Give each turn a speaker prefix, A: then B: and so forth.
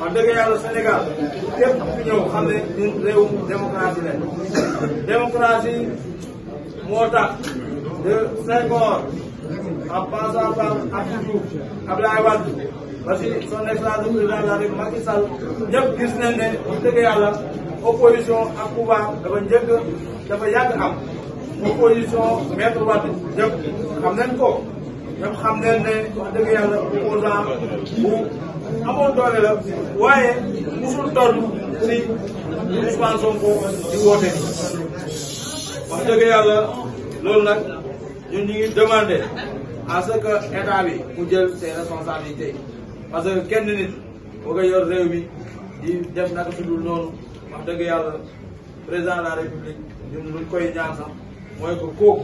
A: wax dëgg yàlla Sénégal képp ku ñëw xam ne ñun réewum démocratie lañ démocratie moo tax de Senghor en passant par Abdou Diouf Abdoulaye Wade ba si son excellence le président de la République Macky Sall ñëpp gis nañ ne wax dëgg yàlla opposition ak pouvoir dafa njëkk dafa yàgg am opposition maître Wade ñëpp xam nañ ko ñoom xam nañ ne dëgg yàlla waaye musul toll si Ousmane Sonko di woote wax dëgg yàlla loolu nag ñun ñu ngi demandé ce que état mu jël ses responsabilités parce que kenn nit boo di def naka su dul noonu wax dëgg yàlla la république ñun luñ koy ñaan sax mooy ko